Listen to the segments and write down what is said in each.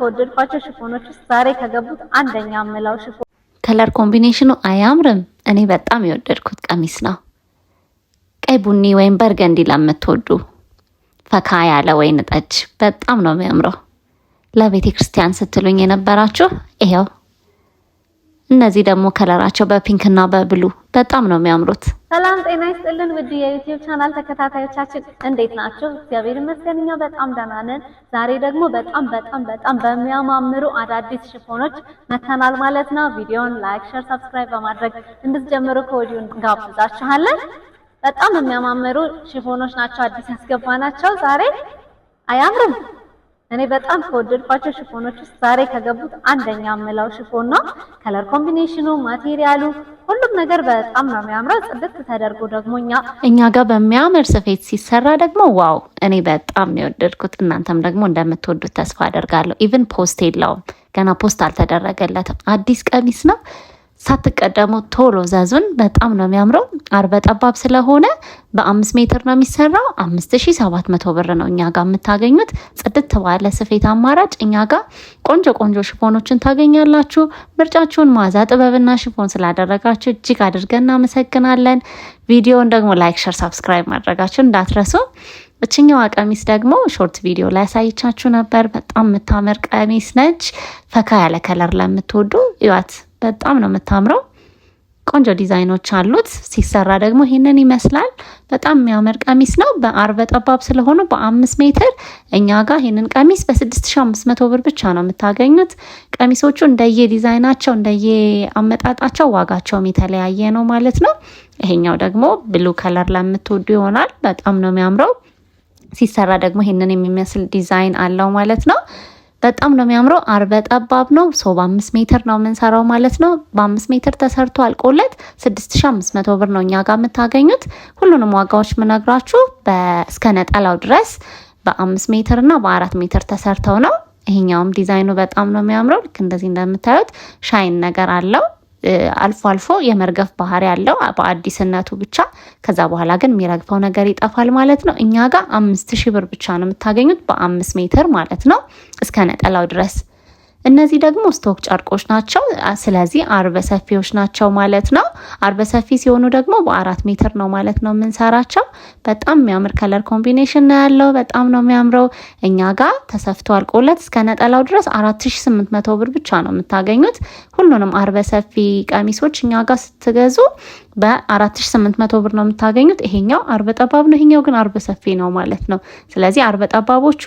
ከወደድኳቸው ሽፎኖች ውስጥ ዛሬ ከገቡት አንደኛ የምለው ሽፎ ከለር ኮምቢኔሽኑ አያምርም? እኔ በጣም የወደድኩት ቀሚስ ነው። ቀይ ቡኒ ወይም በርገንዲ ለምትወዱ ፈካ ያለ ወይን ጠጅ በጣም ነው የሚያምረው። ለቤተ ክርስቲያን ስትሉኝ የነበራችሁ ይኸው። እነዚህ ደግሞ ከለራቸው በፒንክ እና በብሉ በጣም ነው የሚያምሩት። ሰላም ጤና ይስጥልን ውድ የዩቲዩብ ቻናል ተከታታዮቻችን እንዴት ናቸው? እግዚአብሔር ይመስገን እኛ በጣም ደህና ነን። ዛሬ ደግሞ በጣም በጣም በጣም በሚያማምሩ አዳዲስ ሽፎኖች መተናል ማለት ነው። ቪዲዮን ላይክ፣ ሼር፣ ሰብስክራይብ በማድረግ እንድትጀምሩ ከወዲሁ እንጋብዛችኋለን። በጣም የሚያማምሩ ሽፎኖች ናቸው አዲስ ያስገባ ናቸው ዛሬ አያምርም? እኔ በጣም ከወደድኳቸው ሽፎኖች ውስጥ ዛሬ ከገቡት አንደኛ የምለው ሽፎን ነው። ከለር ኮምቢኔሽኑ፣ ማቴሪያሉ፣ ሁሉም ነገር በጣም ነው የሚያምረው። ጽድት ተደርጎ ደግሞ እኛ እኛ ጋር በሚያምር ስፌት ሲሰራ ደግሞ ዋው! እኔ በጣም ነው የወደድኩት። እናንተም ደግሞ እንደምትወዱት ተስፋ አደርጋለሁ። ኢቭን ፖስት የለውም ገና ፖስት አልተደረገለትም። አዲስ ቀሚስ ነው። ሳትቀደሙ ቶሎ ዘዙን። በጣም ነው የሚያምረው። አርበ ጠባብ ስለሆነ በአምስት ሜትር ነው የሚሰራው። አምስት ሺ ሰባት መቶ ብር ነው እኛ ጋር የምታገኙት። ጽድት ባለ ስፌት አማራጭ እኛ ጋር ቆንጆ ቆንጆ ሽፎኖችን ታገኛላችሁ። ምርጫችሁን ማዛ ጥበብና ሽፎን ስላደረጋችሁ እጅግ አድርገን እናመሰግናለን። ቪዲዮን ደግሞ ላይክ፣ ሸር፣ ሳብስክራይብ ማድረጋችሁ እንዳትረሱ። እችኛዋ ቀሚስ ደግሞ ሾርት ቪዲዮ ላይ ያሳይቻችሁ ነበር። በጣም የምታምር ቀሚስ ነች። ፈካ ያለ ከለር ለምትወዱ ይዋት በጣም ነው የምታምረው። ቆንጆ ዲዛይኖች አሉት። ሲሰራ ደግሞ ይህንን ይመስላል። በጣም የሚያምር ቀሚስ ነው። በአርበ ጠባብ ስለሆኑ በአምስት ሜትር እኛ ጋር ይህንን ቀሚስ አምስት መቶ ብር ብቻ ነው የምታገኙት። ቀሚሶቹ እንደየ ዲዛይናቸው እንደየ አመጣጣቸው ዋጋቸውም የተለያየ ነው ማለት ነው። ይሄኛው ደግሞ ብሉ ከለር ለምትወዱ ይሆናል። በጣም ነው የሚያምረው። ሲሰራ ደግሞ ይህንን የሚመስል ዲዛይን አለው ማለት ነው። በጣም ነው የሚያምረው። አርበ ጠባብ ነው። ሰው በአምስት ሜትር ነው የምንሰራው ማለት ነው። በአምስት ሜትር ተሰርቶ አልቆለት ስድስት ሺ አምስት መቶ ብር ነው እኛ ጋር የምታገኙት። ሁሉንም ዋጋዎች የምነግራችሁ እስከ ነጠላው ድረስ በአምስት ሜትር እና በአራት ሜትር ተሰርተው ነው። ይሄኛውም ዲዛይኑ በጣም ነው የሚያምረው። ልክ እንደዚህ እንደምታዩት ሻይን ነገር አለው። አልፎ አልፎ የመርገፍ ባህሪ ያለው በአዲስነቱ ብቻ። ከዛ በኋላ ግን የሚረግፈው ነገር ይጠፋል ማለት ነው። እኛ ጋር አምስት ሺህ ብር ብቻ ነው የምታገኙት በአምስት ሜትር ማለት ነው እስከ ነጠላው ድረስ እነዚህ ደግሞ ስቶክ ጨርቆች ናቸው። ስለዚህ አርበ ሰፊዎች ናቸው ማለት ነው። አርበ ሰፊ ሲሆኑ ደግሞ በአራት ሜትር ነው ማለት ነው የምንሰራቸው። በጣም የሚያምር ከለር ኮምቢኔሽን ነው ያለው። በጣም ነው የሚያምረው። እኛ ጋር ተሰፍቶ አልቆለት እስከ ነጠላው ድረስ አራት ሺ ስምንት መቶ ብር ብቻ ነው የምታገኙት። ሁሉንም አርበ ሰፊ ቀሚሶች እኛ ጋር ስትገዙ በ4800 ብር ነው የምታገኙት። ይሄኛው አርበ ጠባብ ነው፣ ይሄኛው ግን አርበ ሰፊ ነው ማለት ነው። ስለዚህ አርበ ጠባቦቹ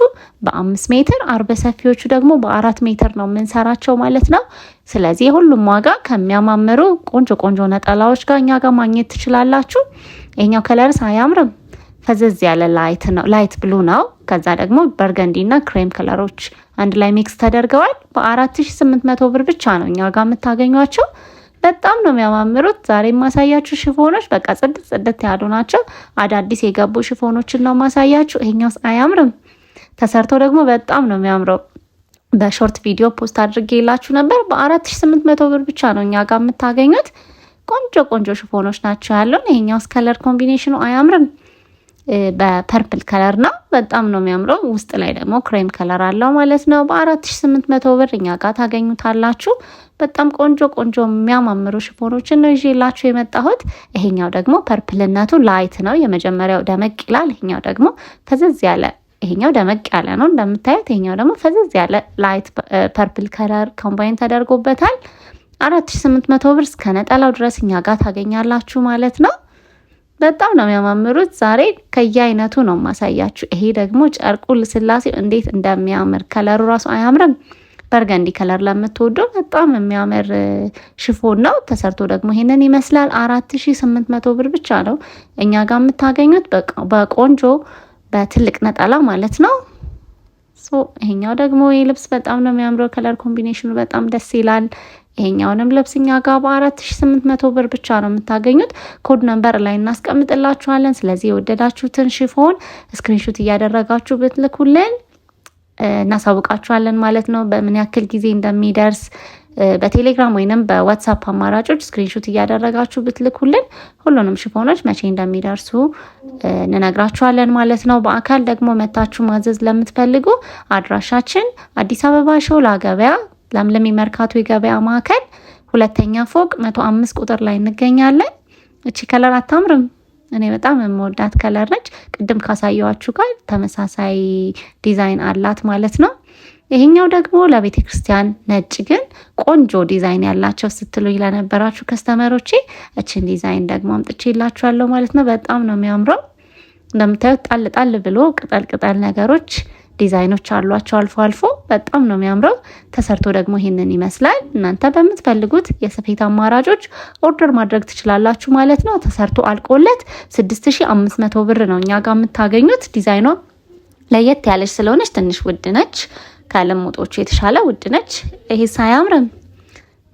በአምስት ሜትር አርበ ሰፊዎቹ ደግሞ በአራት ሜትር ነው የምንሰራቸው ማለት ነው። ስለዚህ የሁሉም ዋጋ ከሚያማምሩ ቆንጆ ቆንጆ ነጠላዎች ጋር እኛ ጋር ማግኘት ትችላላችሁ። ይሄኛው ከለርስ አያምርም? ፈዘዝ ያለ ላይት ነው፣ ላይት ብሉ ነው። ከዛ ደግሞ ና ክሬም ከለሮች አንድ ላይ ሚክስ ተደርገዋል። መቶ ብር ብቻ ነው እኛ ጋር የምታገኟቸው። በጣም ነው የሚያማምሩት። ዛሬ የማሳያችሁ ሽፎኖች በቃ ጽድት ጽድት ያሉ ናቸው። አዳዲስ የገቡ ሽፎኖችን ነው ማሳያችሁ። ይሄኛውስ አያምርም? ተሰርቶ ደግሞ በጣም ነው የሚያምረው። በሾርት ቪዲዮ ፖስት አድርጌ የላችሁ ነበር። በአራት ሺ ስምንት መቶ ብር ብቻ ነው እኛ ጋር የምታገኙት። ቆንጆ ቆንጆ ሽፎኖች ናቸው ያለውን። ይሄኛውስ ከለር ኮምቢኔሽኑ አያምርም? በፐርፕል ከለር ነው። በጣም ነው የሚያምረው። ውስጥ ላይ ደግሞ ክሬም ከለር አለው ማለት ነው። በአራት ሺ ስምንት መቶ ብር እኛ ጋር ታገኙታላችሁ። በጣም ቆንጆ ቆንጆ የሚያማምሩ ሽፎኖችን ነው ይዤላችሁ የመጣሁት። ይሄኛው ደግሞ ፐርፕልነቱ ላይት ነው። የመጀመሪያው ደመቅ ይላል። ይሄኛው ደግሞ ፈዘዝ ያለ ይሄኛው ደመቅ ያለ ነው እንደምታዩት። ይሄኛው ደግሞ ፈዘዝ ያለ ላይት ፐርፕል ከለር ኮምባይን ተደርጎበታል። አራት ሺ ስምንት መቶ ብር እስከ ነጠላው ድረስ እኛ ጋር ታገኛላችሁ ማለት ነው። በጣም ነው የሚያማምሩት። ዛሬ ከየአይነቱ ነው ማሳያችሁ። ይሄ ደግሞ ጨርቁ ልስላሴው እንዴት እንደሚያምር ከለሩ ራሱ አያምርም? በርገንዲ ከለር ለምትወዱ በጣም የሚያምር ሽፎን ነው። ተሰርቶ ደግሞ ይሄንን ይመስላል። አራት ሺ ስምንት መቶ ብር ብቻ ነው እኛ ጋር የምታገኙት በቆንጆ በትልቅ ነጠላ ማለት ነው። ይሄኛው ደግሞ ይህ ልብስ በጣም ነው የሚያምረው። ከለር ኮምቢኔሽኑ በጣም ደስ ይላል። ይሄኛውንም ልብስ እኛ ጋር በአራት ሺ ስምንት መቶ ብር ብቻ ነው የምታገኙት። ኮድ ነንበር ላይ እናስቀምጥላችኋለን። ስለዚህ የወደዳችሁትን ሽፎን ስክሪንሹት እያደረጋችሁ ብትልኩልን እናሳውቃችኋለን ማለት ነው። በምን ያክል ጊዜ እንደሚደርስ በቴሌግራም ወይንም በዋትሳፕ አማራጮች ስክሪንሹት እያደረጋችሁ ብትልኩልን ሁሉንም ሽፎኖች መቼ እንደሚደርሱ እንነግራችኋለን ማለት ነው። በአካል ደግሞ መታችሁ ማዘዝ ለምትፈልጉ አድራሻችን አዲስ አበባ ሾላ ገበያ ለምለም የመርካቶ የገበያ ማዕከል ሁለተኛ ፎቅ መቶ አምስት ቁጥር ላይ እንገኛለን። እቺ ከለር አታምርም? እኔ በጣም የምወዳት ከለር ነች። ቅድም ካሳየዋችሁ ጋር ተመሳሳይ ዲዛይን አላት ማለት ነው። ይሄኛው ደግሞ ለቤተ ክርስቲያን ነጭ ግን ቆንጆ ዲዛይን ያላቸው ስትሉ ለነበራችሁ ከስተመሮቼ እችን ዲዛይን ደግሞ አምጥቼ ይላችኋለሁ ማለት ነው። በጣም ነው የሚያምረው። እንደምታዩት ጣል ጣል ብሎ ቅጠል ቅጠል ነገሮች ዲዛይኖች አሏቸው አልፎ አልፎ በጣም ነው የሚያምረው። ተሰርቶ ደግሞ ይሄንን ይመስላል። እናንተ በምትፈልጉት የስፌት አማራጮች ኦርደር ማድረግ ትችላላችሁ ማለት ነው። ተሰርቶ አልቆለት 6500 ብር ነው እኛ ጋር የምታገኙት። ዲዛይኗ ለየት ያለች ስለሆነች ትንሽ ውድ ነች፣ ከልሙጦቹ የተሻለ ውድ ነች። ይሄ ሳያምርም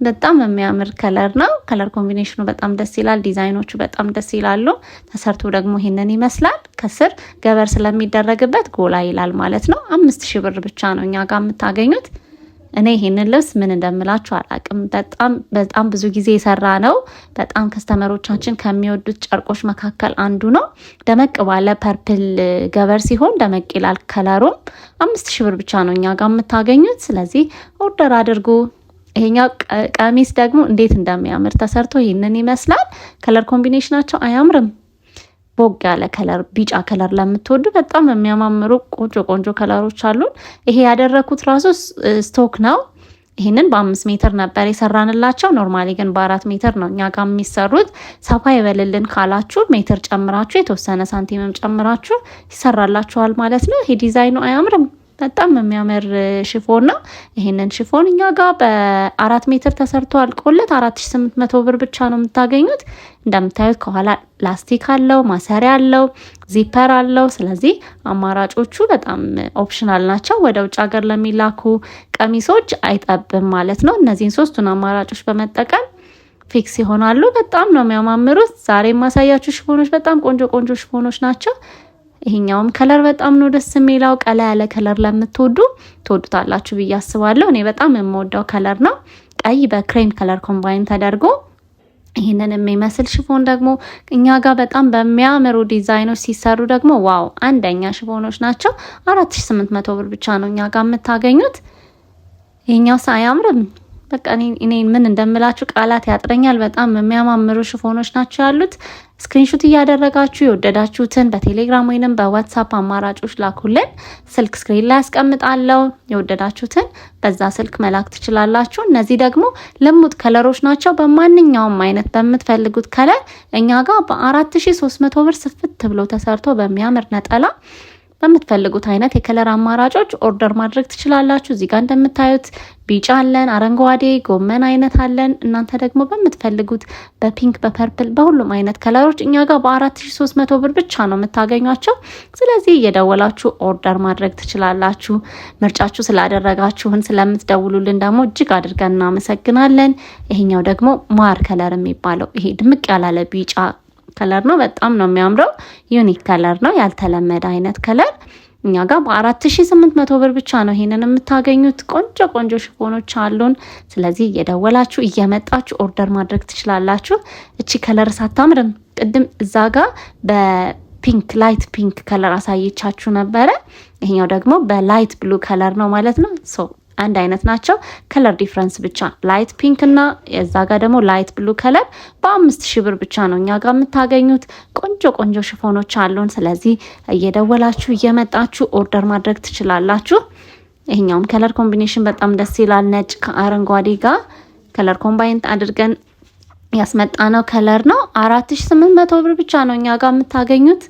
በጣም የሚያምር ከለር ነው። ከለር ኮምቢኔሽኑ በጣም ደስ ይላል። ዲዛይኖቹ በጣም ደስ ይላሉ። ተሰርቶ ደግሞ ይሄንን ይመስላል። ከስር ገበር ስለሚደረግበት ጎላ ይላል ማለት ነው። አምስት ሺህ ብር ብቻ ነው እኛ ጋር የምታገኙት። እኔ ይሄንን ልብስ ምን እንደምላችሁ አላቅም። በጣም በጣም ብዙ ጊዜ የሰራ ነው። በጣም ከስተመሮቻችን ከሚወዱት ጨርቆች መካከል አንዱ ነው። ደመቅ ባለ ፐርፕል ገበር ሲሆን ደመቅ ይላል ከለሩም። አምስት ሺህ ብር ብቻ ነው እኛ ጋር የምታገኙት። ስለዚህ ኦርደር አድርጉ። ይሄኛው ቀሚስ ደግሞ እንዴት እንደሚያምር ተሰርቶ ይህንን ይመስላል። ከለር ኮምቢኔሽናቸው አያምርም? ቦግ ያለ ከለር ቢጫ ከለር ለምትወዱ በጣም የሚያማምሩ ቆንጆ ቆንጆ ከለሮች አሉን። ይሄ ያደረኩት ራሱ ስቶክ ነው። ይህንን በአምስት ሜትር ነበር የሰራንላቸው። ኖርማሊ ግን በአራት ሜትር ነው እኛ ጋር የሚሰሩት። ሰፋ ይበልልን ካላችሁ ሜትር ጨምራችሁ የተወሰነ ሳንቲምም ጨምራችሁ ይሰራላችኋል ማለት ነው። ይሄ ዲዛይኑ አያምርም? በጣም የሚያምር ሽፎን ነው። ይህንን ሽፎን እኛ ጋር በአራት ሜትር ተሰርቶ አልቆለት አራት ሺ ስምንት መቶ ብር ብቻ ነው የምታገኙት። እንደምታዩት ከኋላ ላስቲክ አለው፣ ማሰሪያ አለው፣ ዚፐር አለው። ስለዚህ አማራጮቹ በጣም ኦፕሽናል ናቸው። ወደ ውጭ ሀገር ለሚላኩ ቀሚሶች አይጠብም ማለት ነው። እነዚህን ሶስቱን አማራጮች በመጠቀም ፊክስ ይሆናሉ። በጣም ነው የሚያማምሩት። ዛሬ የማሳያችሁ ሽፎኖች በጣም ቆንጆ ቆንጆ ሽፎኖች ናቸው። ይሄኛውም ከለር በጣም ነው ደስ የሚለው። ቀላ ያለ ከለር ለምትወዱ ትወዱታላችሁ ብዬ አስባለሁ። እኔ በጣም የምወደው ከለር ነው። ቀይ በክሬም ከለር ኮምባይን ተደርጎ ይህንን የሚመስል ሽፎን ደግሞ እኛ ጋር በጣም በሚያምሩ ዲዛይኖች ሲሰሩ ደግሞ ዋው አንደኛ ሽፎኖች ናቸው። አራት ሺ ስምንት መቶ ብር ብቻ ነው እኛ ጋር የምታገኙት። ይህኛው ሳያምርም በቃ እኔ ምን እንደምላችሁ ቃላት ያጥረኛል። በጣም የሚያማምሩ ሽፎኖች ናቸው ያሉት። ስክሪንሹት እያደረጋችሁ የወደዳችሁትን በቴሌግራም ወይንም በዋትሳፕ አማራጮች ላኩልን። ስልክ ስክሪን ላይ ያስቀምጣለው። የወደዳችሁትን በዛ ስልክ መላክ ትችላላችሁ። እነዚህ ደግሞ ልሙጥ ከለሮች ናቸው። በማንኛውም አይነት በምትፈልጉት ከለር እኛ ጋር በ መቶ ብር ስፍት ብሎ ተሰርቶ በሚያምር ነጠላ በምትፈልጉት አይነት የከለር አማራጮች ኦርደር ማድረግ ትችላላችሁ። እዚህ ጋር እንደምታዩት ቢጫ አለን፣ አረንጓዴ ጎመን አይነት አለን። እናንተ ደግሞ በምትፈልጉት በፒንክ፣ በፐርፕል በሁሉም አይነት ከለሮች እኛ ጋር በ መቶ ብር ብቻ ነው የምታገኟቸው። ስለዚህ እየደወላችሁ ኦርደር ማድረግ ትችላላችሁ። ምርጫችሁ ስላደረጋችሁን ስለምትደውሉልን ደግሞ እጅግ አድርገን እናመሰግናለን። ይሄኛው ደግሞ ማር ከለር የሚባለው ይሄ ድምቅ ያላለ ቢጫ ከለር ነው። በጣም ነው የሚያምረው። ዩኒክ ከለር ነው፣ ያልተለመደ አይነት ከለር እኛ ጋር በአራት ሺ ስምንት መቶ ብር ብቻ ነው ይሄንን የምታገኙት። ቆንጆ ቆንጆ ሽፎኖች አሉን። ስለዚህ እየደወላችሁ እየመጣችሁ ኦርደር ማድረግ ትችላላችሁ። እቺ ከለር ሳታምርም ቅድም እዛ ጋር በፒንክ ላይት ፒንክ ከለር አሳየቻችሁ ነበረ። ይሄኛው ደግሞ በላይት ብሉ ከለር ነው ማለት ነው። አንድ አይነት ናቸው። ከለር ዲፍረንስ ብቻ ላይት ፒንክ እና የዛ ጋር ደግሞ ላይት ብሉ ከለር በአምስት ሺህ ብር ብቻ ነው እኛ ጋር የምታገኙት። ቆንጆ ቆንጆ ሽፎኖች አሉን። ስለዚህ እየደወላችሁ እየመጣችሁ ኦርደር ማድረግ ትችላላችሁ። ይሄኛውም ከለር ኮምቢኔሽን በጣም ደስ ይላል። ነጭ ከአረንጓዴ ጋር ከለር ኮምባይንት አድርገን ያስመጣ ነው ከለር ነው። አራት ሺህ ስምንት መቶ ብር ብቻ ነው እኛ ጋር የምታገኙት።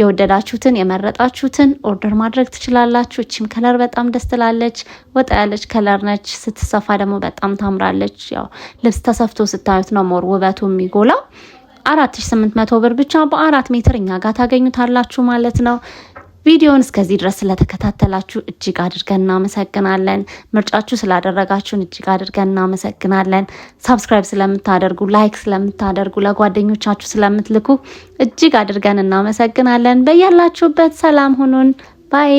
የወደዳችሁትን የመረጣችሁትን ኦርደር ማድረግ ትችላላችሁ። እችም ከለር በጣም ደስ ትላለች። ወጣ ያለች ከለር ነች። ስትሰፋ ደግሞ በጣም ታምራለች። ያው ልብስ ተሰፍቶ ስታዩት ነው ሞር ውበቱ የሚጎላው። አራት ሺ ስምንት መቶ ብር ብቻ በአራት ሜትር እኛ ጋር ታገኙታላችሁ ማለት ነው። ቪዲዮውን እስከዚህ ድረስ ስለተከታተላችሁ እጅግ አድርገን እናመሰግናለን። ምርጫችሁ ስላደረጋችሁን እጅግ አድርገን እናመሰግናለን። ሳብስክራይብ ስለምታደርጉ፣ ላይክ ስለምታደርጉ፣ ለጓደኞቻችሁ ስለምትልኩ እጅግ አድርገን እናመሰግናለን። በያላችሁበት ሰላም ሁኑን ባይ